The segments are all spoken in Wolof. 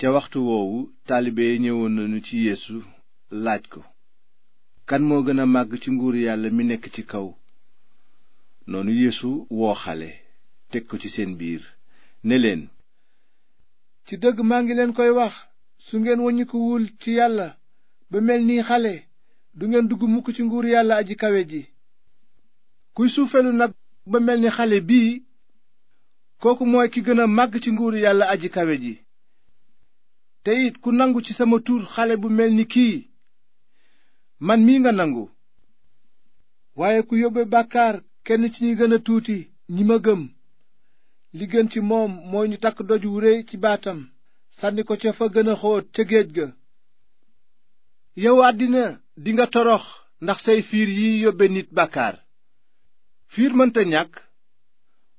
ca waxtu woowu taalibe yi ñëwoon nañu ci yeesu laaj ko kan moo gën a màgg ci nguur yàlla mi nekk ci kaw noonu yeesu woo xale teg ko ci seen biir ne leen ci dëgg maa ngi leen koy wax su ngeen waññikuwul ci yàlla ba mel nii xale du ngeen dugg mukk ci nguur yàlla aji kawe ji kuy suufelu nag ba mel ni xale bii kooku mooy ki gën a màgg ci nguur yàlla aji kawe ji te it ku nangu ci sama tur xale bu mel ni kii man mii nga nangu waaye ku yóbbe bàkkaar kenn ci ñi gën a tuuti ñi ma gëm li gën ci moom mooy ñu takk doj wu réy ci baatam sànni ko ca fa gën a xóot ca géej ga yow àddina dinga torox ndax say fiir yi yóbbe nit bàkkaar fiir mënta ñàkk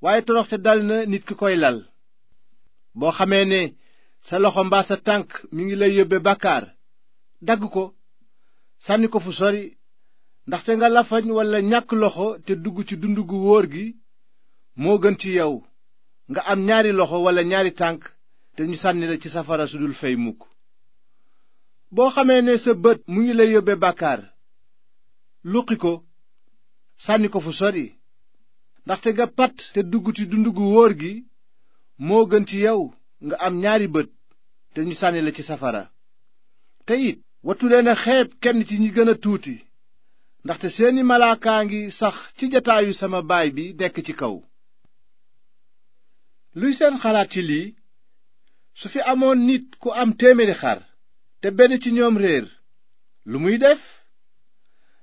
waaye toroxte dal na nit ki koy lal boo xamee ne sa loxo mbaa sa tànk mi ngi lay yóbbe bàkkaar dagg ko sànni ko fu sori ndaxte nga lafañ walla ñàkk loxo te dugg ci dund gu wóor gi moo gën ci yow nga am ñaari loxo walla ñaari tànk te ñu sànni la ci safara su dul fey mukk boo xamee ne sa bët mu ngi lay yóbbe bàkkaar luqi ko sànni ko fu sori ndaxte nga pat te dugg ci dund gu wóor gi moo gën ci yow nga am ñaari bët te ñu sànni la ci safara te it wattu leen a xeeb kenn ci ñi gën a tuuti ndaxte seeni malaakaa ngi sax ci jataayu sama baay bi dekk ci kaw luy seen xalaat ci lii su fi amoon nit ku am téeméeri xar te benn ci ñoom réer lu muy def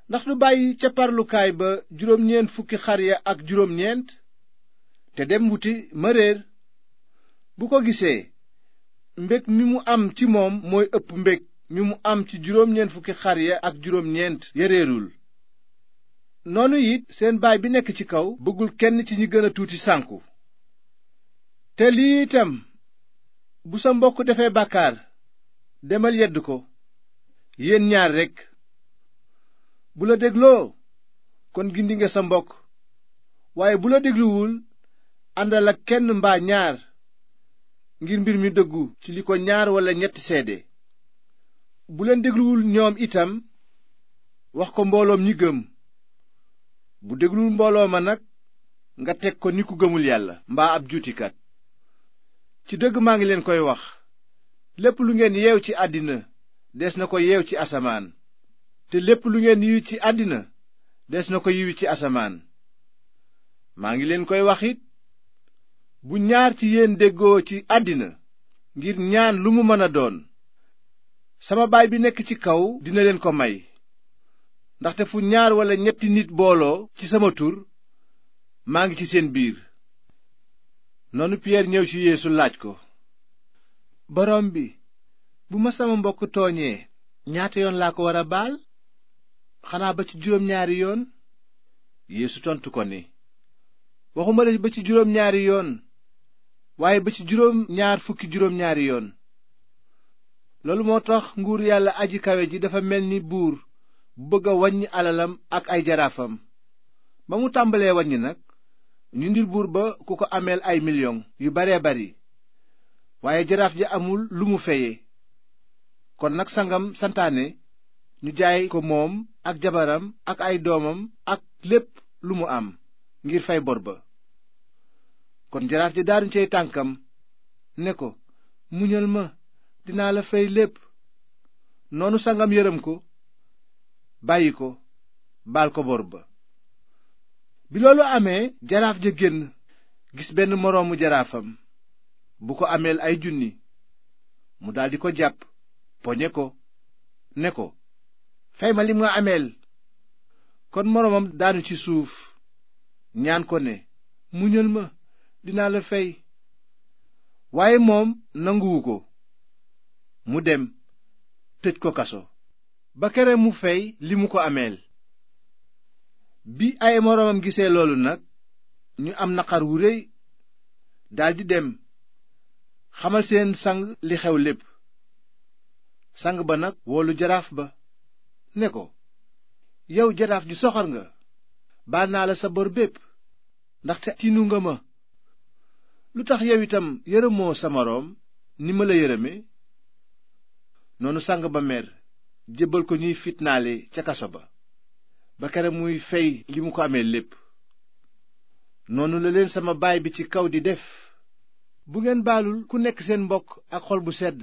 ndax lu bàyyi ca parlukaay ba juróom ñeent fukki xar ya ak juróom ñeent te dem wuti ma réer bu ko gisee mbég mi mu am ci moom mooy ëpp mbég mi mu am ci juróom ñeent fukki xar ya ak juróom ñeent noonu it seen baay bi nekk ci kaw bëggul kenn ci ñi gën a tuuti sànku te lii itam bu sa mbokk defee bàkkaar demal yedd ko yéen ñaar rekk bu la dégloo kon gindi sa mbokk waaye bu la dégluwul àndal ak kenn mbaa ñaar ngir mbir mi dëggu ci li ko ñaar walla ñetti seede bu leen dégluwul ñoom itam wax ko mbooloom ñi gëm bu dégluwul mbooloo ma nag nga teg ko ni ku gëmul yàlla mbaa ab juutikat ci dëgg maa ngi leen koy wax lépp lu ngeen yeew ci àddina des na ko yeew ci asamaan te lépp lu ngeen yiwi ci àddina des na ko yiwi ci asamaan maa ngi leen koy waxit bu ñaar ci yéen déggoo ci àddina ngir ñaan lu mu mën a doon sama baay bi nekk ci kaw dina leen ko may ndaxte fu ñaar walla ñetti nit mbooloo ci sama tur maa ngi ci seen biir noonu Pierre ñëw ci Yeesu laaj ko borom bi bu ma sama mbokk tooñee ñaata yoon laa ko war a baal xanaa ba ci juróom ñaari yoon Yeesu tontu ko ni waxuma la ba ci juróom ñaari yoon waaye ba ci juróom ñaar fukki juróom ñaari yoon loolu moo tax nguur yàlla aji kawe ji dafa mel ni buur bu bëgg a waññi alalam ak ay jaraafam ba mu tàmbalee waññi nag ñu ngir buur ba ku ko ameel ay million yu baree bari waaye jaraaf ji amul lu mu feye kon nag sangam santaane ñu jaay ko moom ak jabaram ak ay doomam ak lépp lu mu am ngir fay bor ba kon jaraaf ji daanu cay tànkam ne ko muñal ma dinaa la fay lépp noonu sangam yërëm ko bàyyi ko baal ko bor ba bi loolu amee jaraaf ja génn gis benn moroomu jaraafam bu ko ameel ay junni mu daldi ko jàpp poñe ko ne ko fay ma li ma ameel kon moroomam daanu ci suuf ñaan ko ne muñal ma dinaa la fay waaye moom nanguwu ko mu dem tëj ko kaso ba kere mu fay li mu ko ameel bi ay moroomam gisee loolu nag ñu am naqar wu rëy daldi dem xamal seen sang li xew lépp sang ba nag woolu jaraaf ba ne ko yow jaraaf ju soxor nga baal naa la sa bor bépp ndaxte tinu nga ma lu tax yow itam yërëmoo sa moroom ni ma la yërëme noonu sang ba mer jébbal ko ñuy fitnaale ca kaso ba ba kere muy fey li mu ko amee lépp noonu la leen sama baay bi ci kaw di def bu ngeen baalul ku nekk seen mbokk ak xol bu sedd